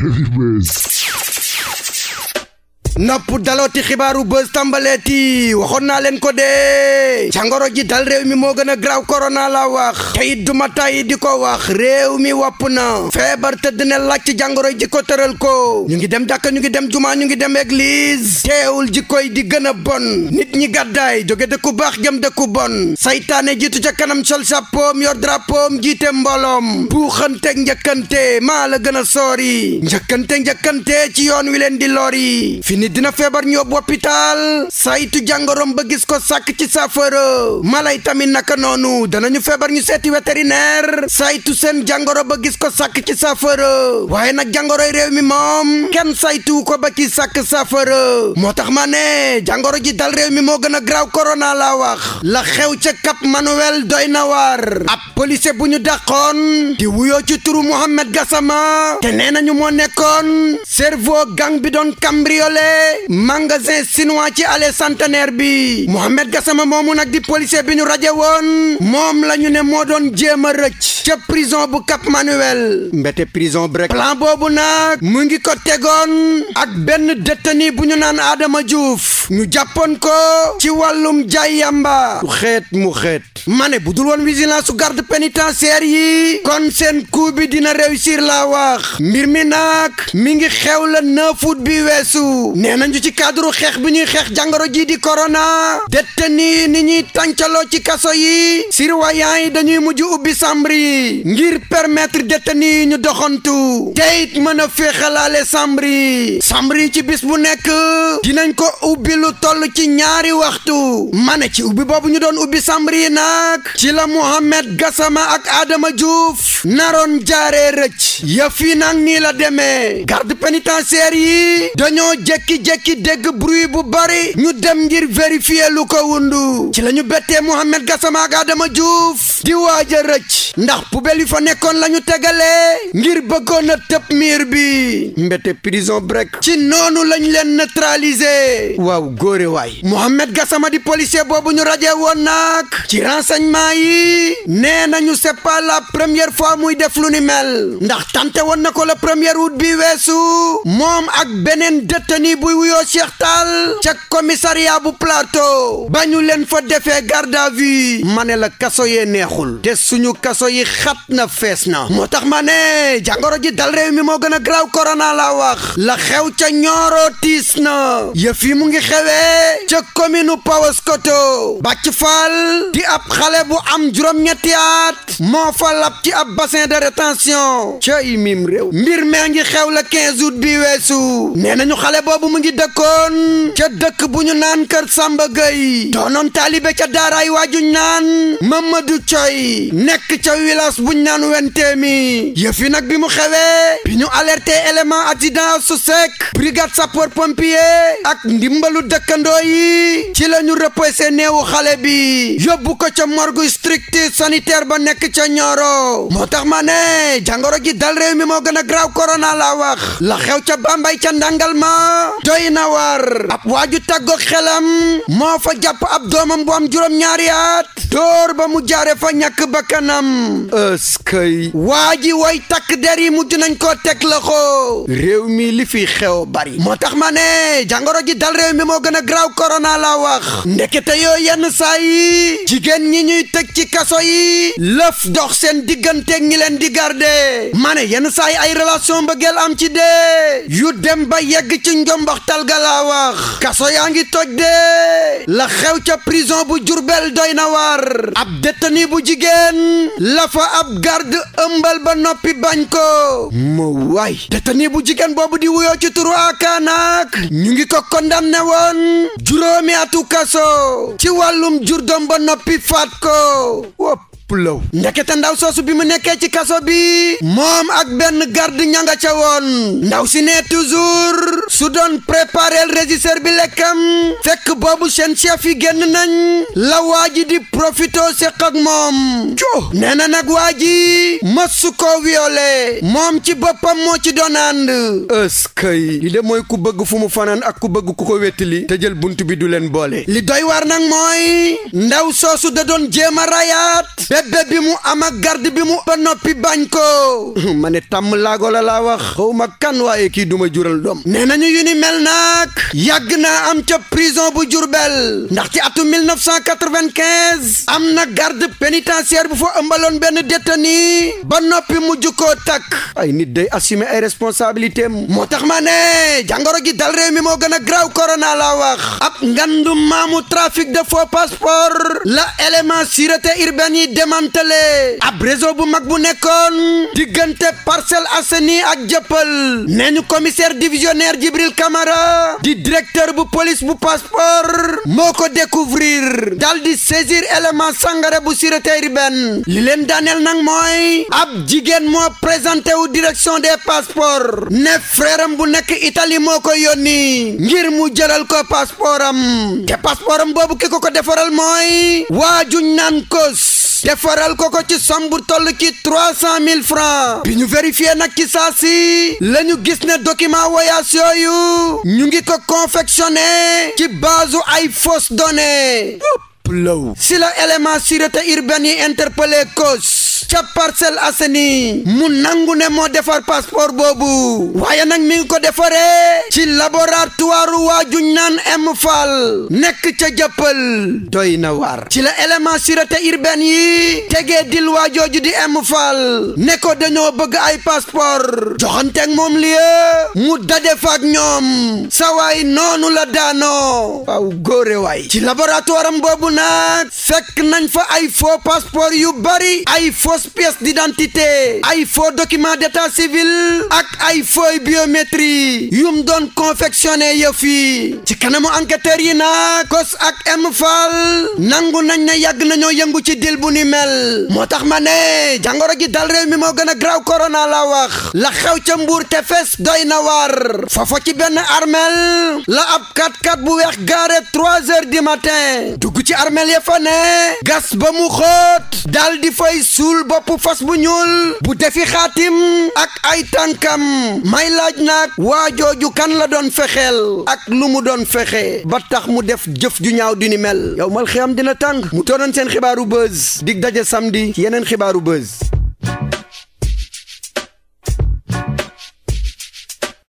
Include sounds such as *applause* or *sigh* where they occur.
Heavyweight. nopp dalooti xibaaru bës tàmbaleeti waxoon naa leen ko dee jàngoro ji dal réew mi moo gën a graw korona la wax te it du ma tàyyi di ko wax réew mi wàpp na feebar tëdd ne laaj ci jàngoro ji tëral ko ñu ngi dem jàkka ñu ngi dem jumaa ñu ngi dem église teewul ji yi di gën a bon nit ñi gàddaay jóge dëkku baax jëm dëkku bon saytaane jiitu ca kanam sol sàppoom yor drapoom jiite mbooloom buuxanteeg njëkkante maa la gën a soori njëkkante njëkkante ci yoon wi leen di lori dina feebar ñu yóbbu saytu jàngoroom ba gis ko sàkk ci saafara mala yi tamit naka noonu danañu feebar ñu seeti vétérinaire saytu seen jàngoro ba gis ko sàkk ci saafara waaye nag jàngoroy réew mi moom kenn saytu ko ba ci sàkk saafara moo tax ma ne jàngoro ji dal réew mi moo gën a graaw corona laa wax la xew ca Cap Manuel doy na waar ab bu ñu dàqoon di wuyoo ci turu Mohamed gasama te nee nañu moo nekkoon cerveau gang bi doon cambriolé mangasin chinois ci allée centenaire bi Mohamed Gassama moomu nag di policier bi ñu raje woon moom la ñu ne moo doon jéem a rëcc ca prison bu Cap Manuel mbete prison bi rek plan boobu nag mu ngi ko tegoon ak benn détenu bu ñu naan Adama Diouf ñu jàppoon ko ci wàllum jaay yamba mu xeet mu xeet ma ne bu dul woon vigilance su garde pénitentiaire yi kon seen coup bi dina réussir la wax mbir mi nag mi ngi xew la 9 août bi weesu nee nañu ci cadre xeex bi ñuy xeex jàngoro jii di corona détenu ni ñuy tàncaloo ci kaso yi surveillant yi dañuy mujj ubbi chambre yi ngir permettre détenu yi ñu doxantu teyit mën a féexalaale chambre yi chambre yi ci bis bu nekk dinañ ko ubbi lu toll ci ñaari waxtu ma ne ci ubbi boobu ñu doon ubbi chambre yi nag ci la Mohamed Gassama ak aadama Diouf def naroon jaaree rëcc ya fii nag nii la demee garde pénitentiaire yi dañoo jekki-jekki dégg bruit bu bari ñu dem ngir vérifier lu ko wundu ci la ñu bettee Mohamed Gassama ak Adama Diouf di waaj rëcc ndax poubelle yi fa nekkoon la ñu tegalee ngir bëggoon a tëb miir bi mbete prison brek ci noonu lañ leen neutraliser waaw góore waay Mohamed Gassama di policier boobu ñu rajee woon nag ci renseignement yi nee nañu c'est pas la première fois muy def lu ni mel ndax tante woon na ko la premier août bi weesu moom ak beneen détenu buy wuyoo Cheikh Tall ca commissariat bu plateau ba ñu leen fa defee garde à vue ma ne la kaso yee neexul de suñu kaso yi xat na fees na moo tax ma ne jàngoro ji dal réew mi moo gën a graw korona la wax la xew ca ñooro tiis na yëf yi mu ngi xewee ca commune Paoskoto bàcc faal di ab xale bu am juróom-ñetti at moo fa lab ab bassin de rétention ca yi mim réew mbir mee ngi xew la 15 août bi weesu nee nañu xale boobu mu ngi dëkkoon ca dëkk bu ñu naan kër Samba Gueye doonoon taalibe ca daaraay waajuñ naan Mamadou Coy nekk ca village buñ naan wentee mi yëf yi nag bi mu xewee bi ñu alerte élément accident su sec brigade sapeur pompier ak ndimbalu dëkkandoo yi ci la ñu reposé néewu xale bi yóbbu ko ca morgue strict sanitaire ba nekk ca Nioro tax ma ne jàngoro ji dal réew mi moo gën a graw korona la wax la xew ca bambay ca ndàngal ma doy na war ab waaju tàggo xelam moo fa jàpp ab doomam bu am juróom-ñaari dóor ba mu jaare fa ñakk bakkanam ëskay waa ji way takk der yi mujj nañ koo teg loxo réew mi li xew bari moo tax ma ne jàngoro ji dal réew mi moo gën a graw korona la wax ndekete yoo yenn saa jigéen ñi ñuy tëj ci kaso yi lëf dox seen diggante teg leen di garde ma yenn saa yi ay relation mbëggeel am ci de yu dem ba yegg ci njombaxtal tal laa wax kaso yaa ngi toj dee la xew ca prison bu Jurbel doy na war ab détenu bu jigéen lafa ab garde ëmbal ba noppi bañ ko mo waay détenu bu jigéen boobu di wuyoo ci turu akaanaak ñu ngi ko condamné woon juróomi atu kaso ci wàllum jur doom ba noppi faat ko pulaw ndekete ndaw soosu bi mu nekkee ci kaso bi moom ak benn garde ña nga ca woon ndaw si ne toujours su doon préparer régisseur bi lekkam fekk boobu sen chef yi génn nañ la ji di profito séq ak moom co nee na nag waa ji mësu koo violé moom ci boppam moo ci doon ànd ëskay li de mooy ku bëgg fu mu fanaan ak ku bëgg ku ko wettali li jël bunt bi du leen boole li doy war mooy ndaw soosu da doon jéem rayaat bébé bi mu am ak garde bi mu ba noppi bañ ko *laughs* ma ne tàmm laago la laa wax xaw ma kan waaye kii du ma jural doom nee nañu yu ni mel nag yàgg na am ca prison bu Jurbel ndax ci atu 1995 am na garde pénitentiaire bu fa ëmbaloon benn ni ba noppi mujj ko takk ay nit day assumer ay responsabilité moo tax ma ne jàngoro gi dal réew mi moo gën a graaw corona laa wax ab ngandu maamu trafic de faux passeport la élément sûreté urbaine yi dem démantelé ab réseau bu mag bu nekkoon diggante Parcelles Assainies ak jëppal nee ñu commissaire divisionnaire Djibril Camara di directeur bu police bu passeport moo ko découvrir dal di saisir élément sangare bu sûreté urbaine li leen daaneel nag mooy ab jigéen moo présenté wu direction des passeports ne frère bu nekk itali moo ko yónni ngir mu jëlal ko passeport am te boobu ki ko ko defaral mooy waajuñ naan kos defaral ko ko ci somme bu toll ci trois cent mille francs bi ñu vérifié nag ci saa si la ñu gis ne document voyage yooyu ñu ngi ko confectionné ci base ay fausses données. si la élément sûreté urbaine yi interpellé cause. ca Parcelles Assainies mu nangu ne moo defar passeport boobu waaye nag mi ngi ko defaree ci laboratoire waa juñ naan M Fall nekk ca jëppal doy na war ci la élément sûreté urbaine yi tegee dil waa jooju di M Fall ne ko dañoo bëgg ay passeport joxanteeg moom lie mu dade faak ñoom sawaay noonu la daanoo waaw góore waay ci laboratoire am boobu nag nañ fa ay faux passeport yu bari ay faux fausse pièce d'identité ay faux document d'état civil ak ay feuille biométrie yum doon confectionné yëf yi ci kanamu enquêteurs yi nag kos ak M nangu nañ na yàgg nañoo yëngu ci dil bu ni mel moo tax ma ne jàngoro ji dal réew mi moo gën a graaw corona la wax la xew ca mbuur te fees doy na war fofo ci benn armel la ab 4 x bu weex gaare trois heures du matin dugg ci armel ya fa ne gas ba mu xóot dal fay suul amul bopp fas bu ñuul bu defi xaatim ak ay tànkam may laaj nag waa jooju kan la doon fexeel ak lu mu doon fexe ba tax mu def jëf ju ñaaw di ni mel yow mal dina tànk mu toonoon seen xibaaru buzz di daje samedi ci yeneen xibaaru buzz